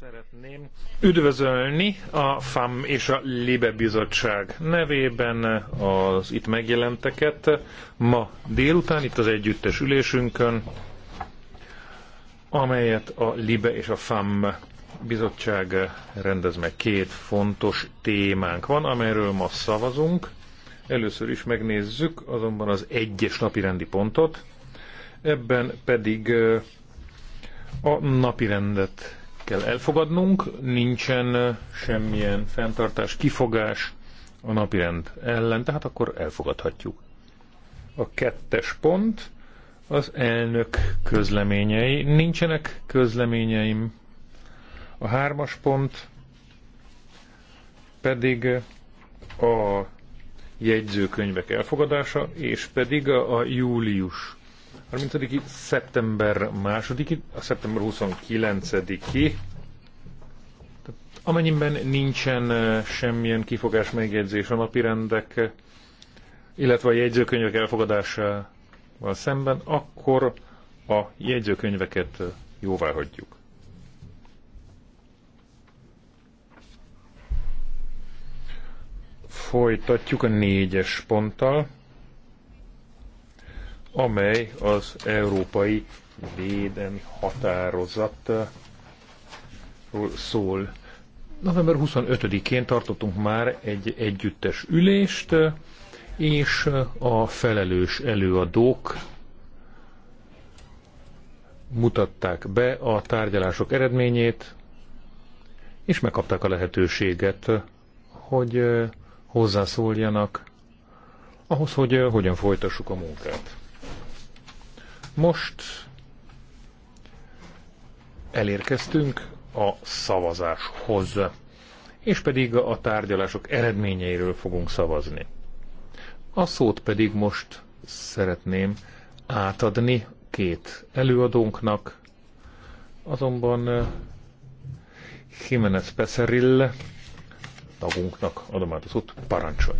Szeretném üdvözölni a FAM és a LIBE bizottság nevében az itt megjelenteket ma délután, itt az együttes ülésünkön, amelyet a LIBE és a FAM bizottság rendez meg. Két fontos témánk van, amelyről ma szavazunk. Először is megnézzük azonban az egyes napirendi pontot, ebben pedig a napi rendet kell elfogadnunk, nincsen semmilyen fenntartás, kifogás a napirend ellen, tehát akkor elfogadhatjuk. A kettes pont az elnök közleményei. Nincsenek közleményeim. A hármas pont pedig a jegyzőkönyvek elfogadása, és pedig a, a július 30. szeptember második, a szeptember 29-i. Amennyiben nincsen semmilyen kifogás megjegyzés a rendek, illetve a jegyzőkönyvek elfogadásával szemben, akkor a jegyzőkönyveket jóvá hagyjuk. Folytatjuk a négyes ponttal amely az európai védelmi határozatról szól. November 25-én tartottunk már egy együttes ülést, és a felelős előadók mutatták be a tárgyalások eredményét, és megkapták a lehetőséget, hogy hozzászóljanak ahhoz, hogy hogyan folytassuk a munkát. Most elérkeztünk a szavazáshoz, és pedig a tárgyalások eredményeiről fogunk szavazni. A szót pedig most szeretném átadni két előadónknak, azonban eh, Jiménez Peszerille tagunknak adom át az szót. parancsolj.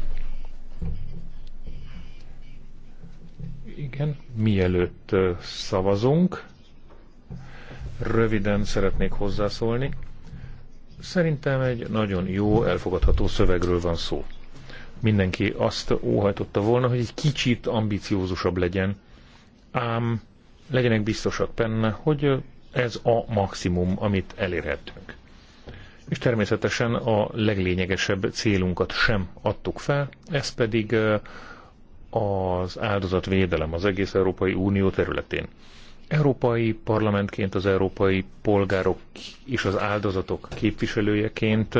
Igen, mielőtt szavazunk, röviden szeretnék hozzászólni. Szerintem egy nagyon jó, elfogadható szövegről van szó. Mindenki azt óhajtotta volna, hogy egy kicsit ambiciózusabb legyen, ám legyenek biztosak benne, hogy ez a maximum, amit elérhetünk. És természetesen a leglényegesebb célunkat sem adtuk fel, ez pedig az áldozatvédelem az egész Európai Unió területén. Európai Parlamentként, az európai polgárok és az áldozatok képviselőjeként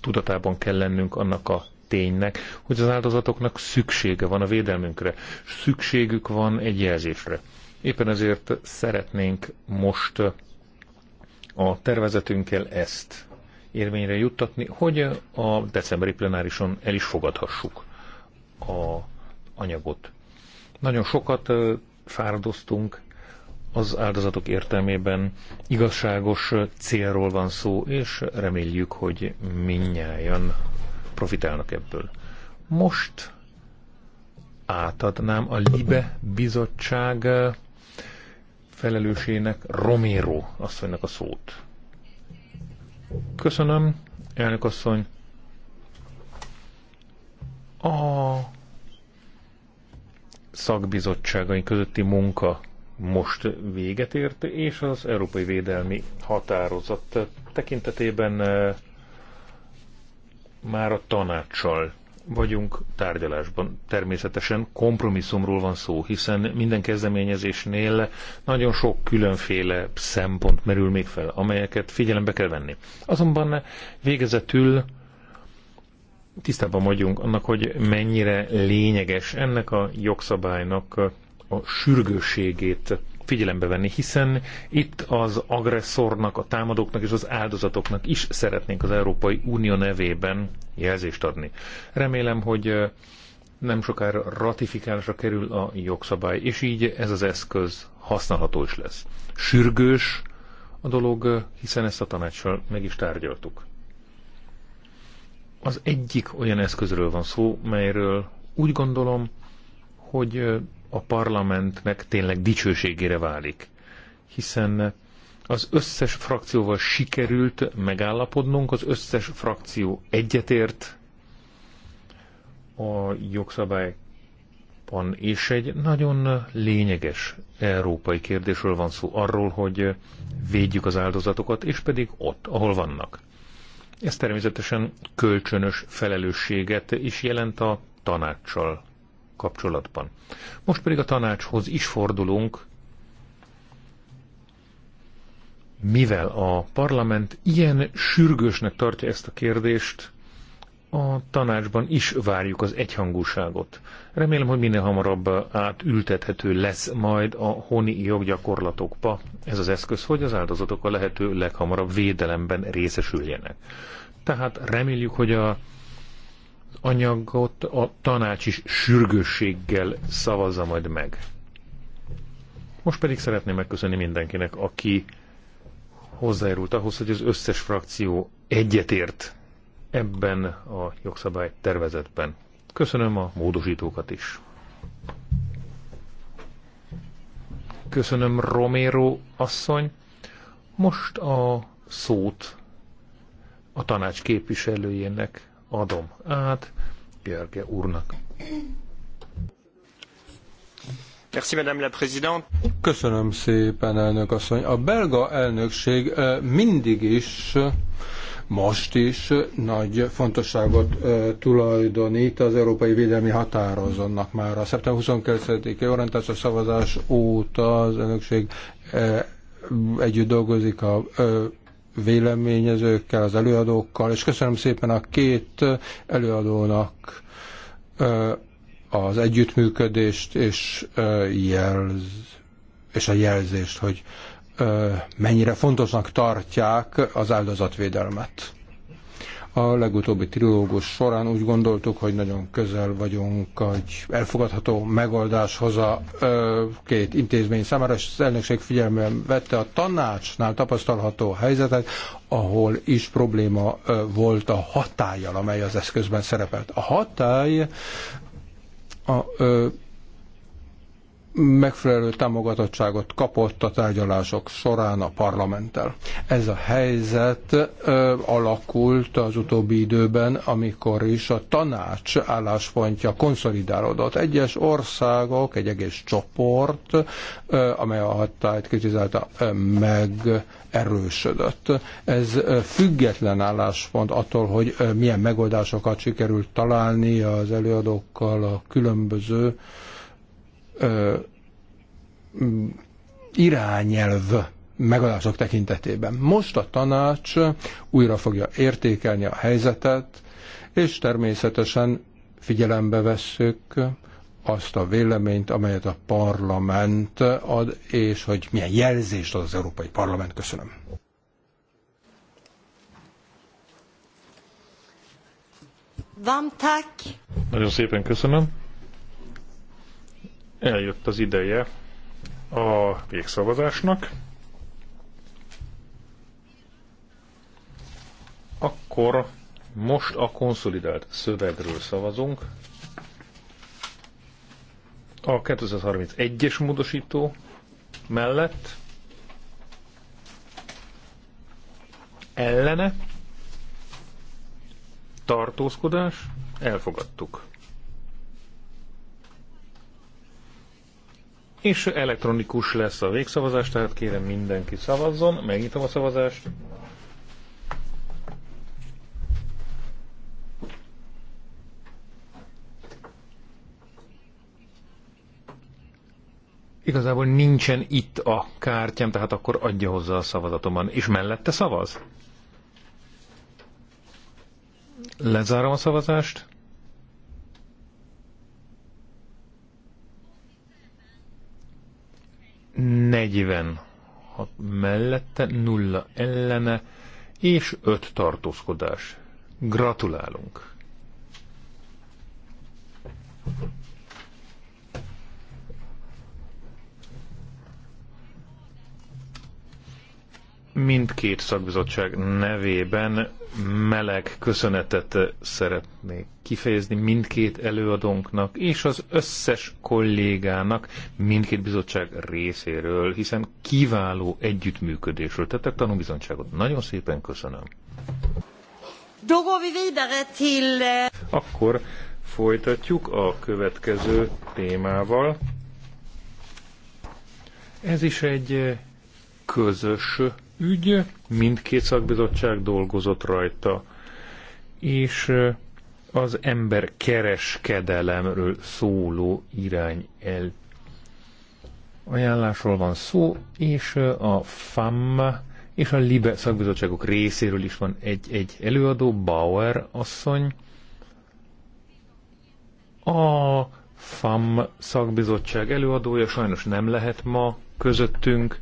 tudatában kell lennünk annak a ténynek, hogy az áldozatoknak szüksége van a védelmünkre, szükségük van egy jelzésre. Éppen ezért szeretnénk most a tervezetünkkel ezt érvényre juttatni, hogy a decemberi plenárison el is fogadhassuk a anyagot. Nagyon sokat fáradoztunk az áldozatok értelmében. Igazságos célról van szó, és reméljük, hogy minnyáján profitálnak ebből. Most átadnám a Libe bizottság felelősének Romero asszonynak a szót. Köszönöm, elnök asszony. A szakbizottságai közötti munka most véget ért, és az Európai Védelmi Határozat tekintetében eh, már a tanácssal vagyunk tárgyalásban. Természetesen kompromisszumról van szó, hiszen minden kezdeményezésnél nagyon sok különféle szempont merül még fel, amelyeket figyelembe kell venni. Azonban végezetül tisztában vagyunk annak, hogy mennyire lényeges ennek a jogszabálynak a sürgőségét figyelembe venni, hiszen itt az agresszornak, a támadóknak és az áldozatoknak is szeretnénk az Európai Unió nevében jelzést adni. Remélem, hogy nem sokára ratifikálásra kerül a jogszabály, és így ez az eszköz használható is lesz. Sürgős a dolog, hiszen ezt a tanácssal meg is tárgyaltuk az egyik olyan eszközről van szó, melyről úgy gondolom, hogy a parlamentnek tényleg dicsőségére válik. Hiszen az összes frakcióval sikerült megállapodnunk, az összes frakció egyetért a jogszabályban, és egy nagyon lényeges európai kérdésről van szó, arról, hogy védjük az áldozatokat, és pedig ott, ahol vannak. Ez természetesen kölcsönös felelősséget is jelent a tanácssal kapcsolatban. Most pedig a tanácshoz is fordulunk, mivel a parlament ilyen sürgősnek tartja ezt a kérdést, a tanácsban is várjuk az egyhangúságot. Remélem, hogy minél hamarabb átültethető lesz majd a honi joggyakorlatokba ez az eszköz, hogy az áldozatok a lehető leghamarabb védelemben részesüljenek. Tehát reméljük, hogy a anyagot a tanács is sürgősséggel szavazza majd meg. Most pedig szeretném megköszönni mindenkinek, aki hozzájárult ahhoz, hogy az összes frakció egyetért ebben a jogszabály tervezetben. Köszönöm a módosítókat is. Köszönöm Romero asszony. Most a szót a tanács képviselőjének adom át, Gerge úrnak. Köszönöm szépen, elnök asszony. A belga elnökség eh, mindig is most is nagy fontosságot tulajdonít az Európai Védelmi határozónak már. A szeptember 29-i orientáció szavazás óta az elnökség együtt dolgozik a véleményezőkkel, az előadókkal, és köszönöm szépen a két előadónak az együttműködést és, jelz, és a jelzést, hogy mennyire fontosnak tartják az áldozatvédelmet. A legutóbbi trilógus során úgy gondoltuk, hogy nagyon közel vagyunk egy elfogadható megoldáshoz a ö, két intézmény számára, és az elnökség figyelmében vette a tanácsnál tapasztalható helyzetet, ahol is probléma ö, volt a hatállyal, amely az eszközben szerepelt. A hatály a ö, megfelelő támogatottságot kapott a tárgyalások során a parlamenttel. Ez a helyzet ö, alakult az utóbbi időben, amikor is a tanács álláspontja konszolidálódott. Egyes országok, egy egész csoport, ö, amely a hatályt kritizálta, ö, meg erősödött. Ez független álláspont attól, hogy milyen megoldásokat sikerült találni az előadókkal a különböző irányelv megadások tekintetében. Most a tanács újra fogja értékelni a helyzetet, és természetesen figyelembe vesszük azt a véleményt, amelyet a parlament ad, és hogy milyen jelzést ad az Európai Parlament. Köszönöm. Vám tak. Nagyon szépen köszönöm eljött az ideje a végszavazásnak. Akkor most a konszolidált szövegről szavazunk. A 231-es módosító mellett ellene tartózkodás elfogadtuk. és elektronikus lesz a végszavazás, tehát kérem mindenki szavazzon, megnyitom a szavazást. Igazából nincsen itt a kártyám, tehát akkor adja hozzá a szavazatomban. És mellette szavaz? Lezárom a szavazást. 46 mellette, 0 ellene, és 5 tartózkodás. Gratulálunk! mindkét szakbizottság nevében meleg köszönetet szeretnék kifejezni mindkét előadónknak és az összes kollégának mindkét bizottság részéről, hiszen kiváló együttműködésről tettek tanúbizottságot. Nagyon szépen köszönöm. Eh, Akkor folytatjuk a következő témával. Ez is egy eh, közös ügy, mindkét szakbizottság dolgozott rajta, és az ember kereskedelemről szóló irány el ajánlásról van szó, és a FAM és a LIBE szakbizottságok részéről is van egy-egy előadó, Bauer asszony. A FAM szakbizottság előadója sajnos nem lehet ma közöttünk,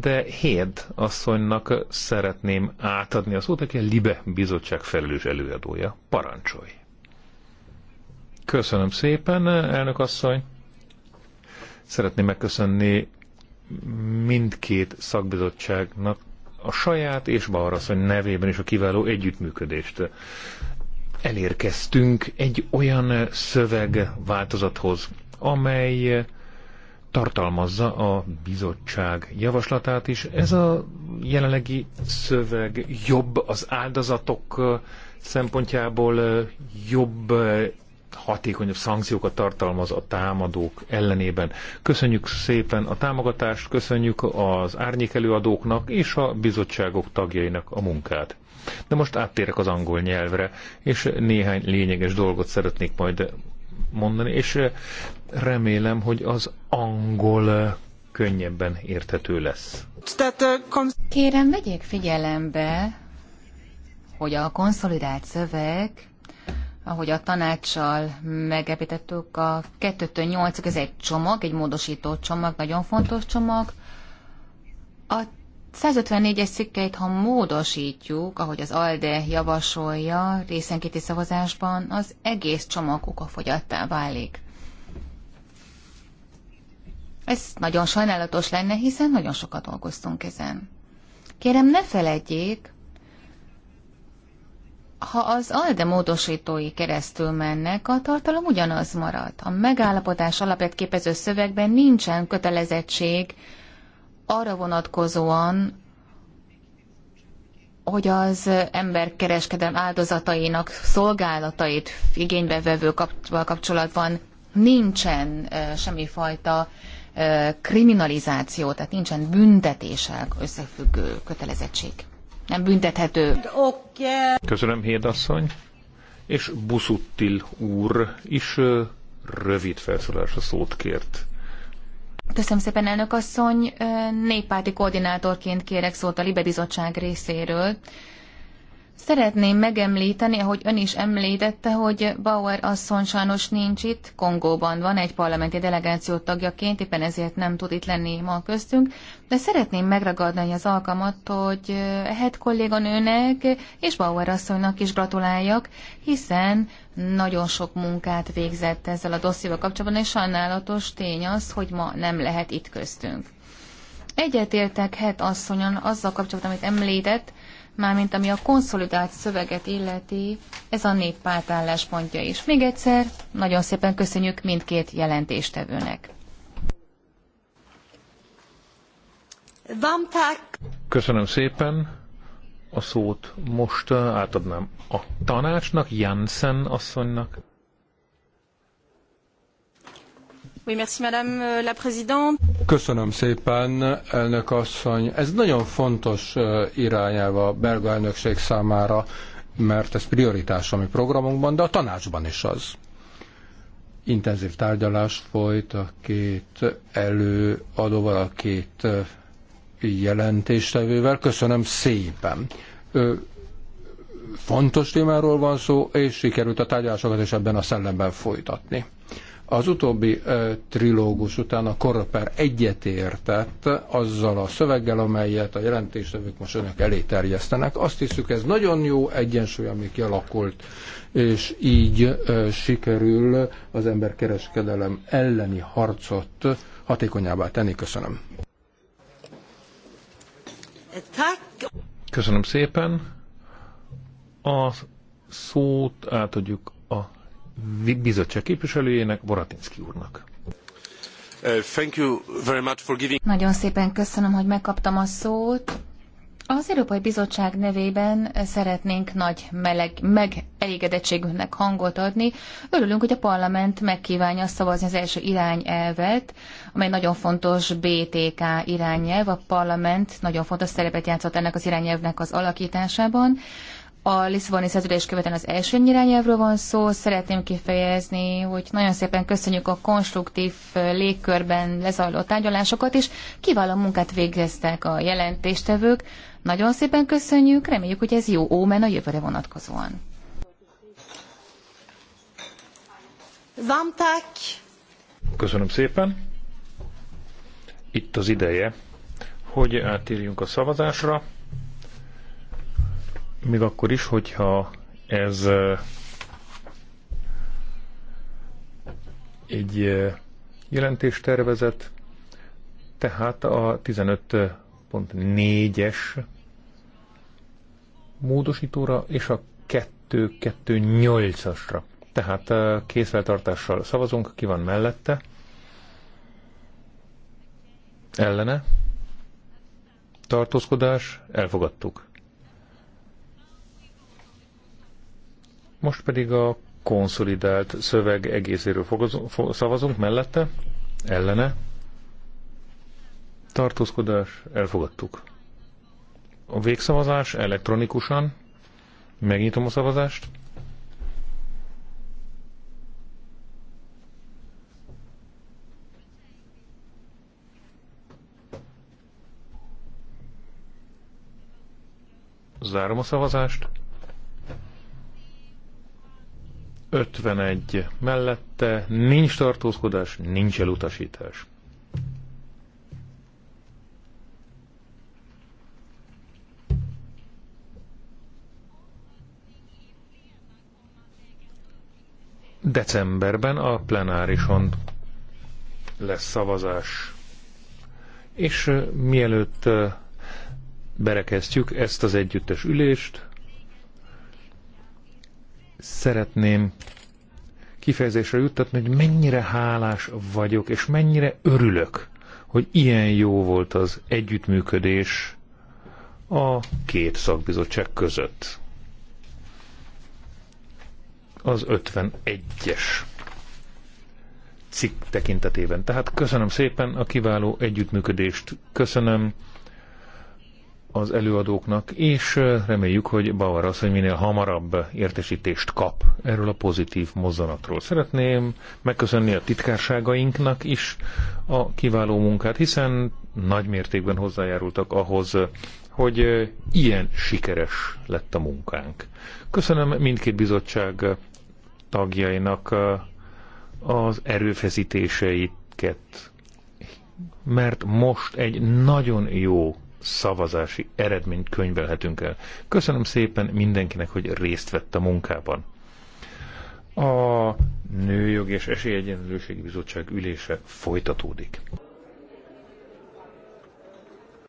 de Héd asszonynak szeretném átadni a szót, aki a Libe bizottság felelős előadója. Parancsolj! Köszönöm szépen, elnök asszony! Szeretném megköszönni mindkét szakbizottságnak a saját és Balrasszony nevében is a kiváló együttműködést. Elérkeztünk egy olyan szöveg változathoz, amely tartalmazza a bizottság javaslatát is. Ez a jelenlegi szöveg jobb az áldozatok szempontjából jobb, hatékonyabb szankciókat tartalmaz a támadók ellenében. Köszönjük szépen a támogatást, köszönjük az árnyékelőadóknak és a bizottságok tagjainak a munkát. De most áttérek az angol nyelvre, és néhány lényeges dolgot szeretnék majd mondani, és remélem, hogy az angol könnyebben érthető lesz. Kérem, vegyék figyelembe, hogy a konszolidált szöveg, ahogy a tanácssal megepítettük, a 2-től 8 ez egy csomag, egy módosító csomag, nagyon fontos csomag. A 154-es cikkeit, ha módosítjuk, ahogy az ALDE javasolja részenkéti szavazásban, az egész csomag okafogyattá válik. Ez nagyon sajnálatos lenne, hiszen nagyon sokat dolgoztunk ezen. Kérem, ne feledjék, ha az ALDE módosítói keresztül mennek, a tartalom ugyanaz marad. A megállapodás alapját képező szövegben nincsen kötelezettség arra vonatkozóan, hogy az emberkereskedelem áldozatainak szolgálatait igénybe vevő kapcsolatban nincsen semmifajta kriminalizáció, tehát nincsen büntetéssel összefüggő kötelezettség. Nem büntethető. Köszönöm, Hédasszony. És Buszuttil úr is rövid felszólásra szót kért. Köszönöm szépen, elnök asszony. Néppárti koordinátorként kérek szót a Libe Bizottság részéről. Szeretném megemlíteni, ahogy ön is említette, hogy Bauer asszony sajnos nincs itt, Kongóban van egy parlamenti delegáció tagjaként, éppen ezért nem tud itt lenni ma köztünk, de szeretném megragadni az alkalmat, hogy eh, het kolléganőnek és Bauer asszonynak is gratuláljak, hiszen nagyon sok munkát végzett ezzel a dossziéval kapcsolatban, és sajnálatos tény az, hogy ma nem lehet itt köztünk. Egyetértek het asszonyon azzal kapcsolatban, amit említett, mármint ami a konszolidált szöveget illeti, ez a néppárt álláspontja is. Még egyszer, nagyon szépen köszönjük mindkét jelentéstevőnek. Köszönöm szépen. A szót most átadnám a tanácsnak, Jensen asszonynak. Euh, Köszönöm szépen, elnök asszony. Ez nagyon fontos irányelv a belga elnökség számára, mert ez prioritás a mi programunkban, de a tanácsban is az. Intenzív tárgyalás folyt a két előadóval, a két jelentéstevővel. Köszönöm szépen. Fontos témáról van szó, és sikerült a tárgyalásokat is ebben a szellemben folytatni az utóbbi ö, trilógus után a korreper egyetértett azzal a szöveggel, amelyet a jelentéstevők most önök elé terjesztenek. Azt hiszük, ez nagyon jó egyensúly, ami kialakult, és így ö, sikerül az emberkereskedelem elleni harcot hatékonyabbá tenni. Köszönöm. Köszönöm szépen. A szót átadjuk a bizottság képviselőjének, Boratinski úrnak. Uh, thank you very much for giving... Nagyon szépen köszönöm, hogy megkaptam a szót. Az Európai Bizottság nevében szeretnénk nagy meleg, megelégedettségünknek hangot adni. Örülünk, hogy a parlament megkívánja szavazni az első irányelvet, amely nagyon fontos BTK irányelv. A parlament nagyon fontos szerepet játszott ennek az irányelvnek az alakításában. A Lisszaboni szerződés követően az első irányelvről van szó. Szeretném kifejezni, hogy nagyon szépen köszönjük a konstruktív légkörben lezajlott tárgyalásokat, is. kiváló munkát végeztek a jelentéstevők. Nagyon szépen köszönjük, reméljük, hogy ez jó ómen a jövőre vonatkozóan. Vámták! Köszönöm szépen. Itt az ideje, hogy átérjünk a szavazásra még akkor is, hogyha ez egy jelentéstervezet, tehát a 15.4-es módosítóra és a 2.2.8-asra. Tehát készfeltartással szavazunk, ki van mellette, ellene, tartózkodás, elfogadtuk. Most pedig a konszolidált szöveg egészéről szavazunk mellette, ellene. Tartózkodás, elfogadtuk. A végszavazás elektronikusan. Megnyitom a szavazást. Zárom a szavazást. 51 mellette nincs tartózkodás, nincs elutasítás. Decemberben a plenárison lesz szavazás. És mielőtt berekeztjük ezt az együttes ülést, szeretném kifejezésre juttatni, hogy mennyire hálás vagyok, és mennyire örülök, hogy ilyen jó volt az együttműködés a két szakbizottság között. Az 51-es cikk tekintetében. Tehát köszönöm szépen a kiváló együttműködést, köszönöm az előadóknak, és reméljük, hogy Bauer az, hogy minél hamarabb értesítést kap erről a pozitív mozzanatról. Szeretném megköszönni a titkárságainknak is a kiváló munkát, hiszen nagy mértékben hozzájárultak ahhoz, hogy ilyen sikeres lett a munkánk. Köszönöm mindkét bizottság tagjainak az erőfeszítéseiket, mert most egy nagyon jó szavazási eredményt könyvelhetünk el. Köszönöm szépen mindenkinek, hogy részt vett a munkában. A Nőjog és Esélyegyenlőségi Bizottság ülése folytatódik.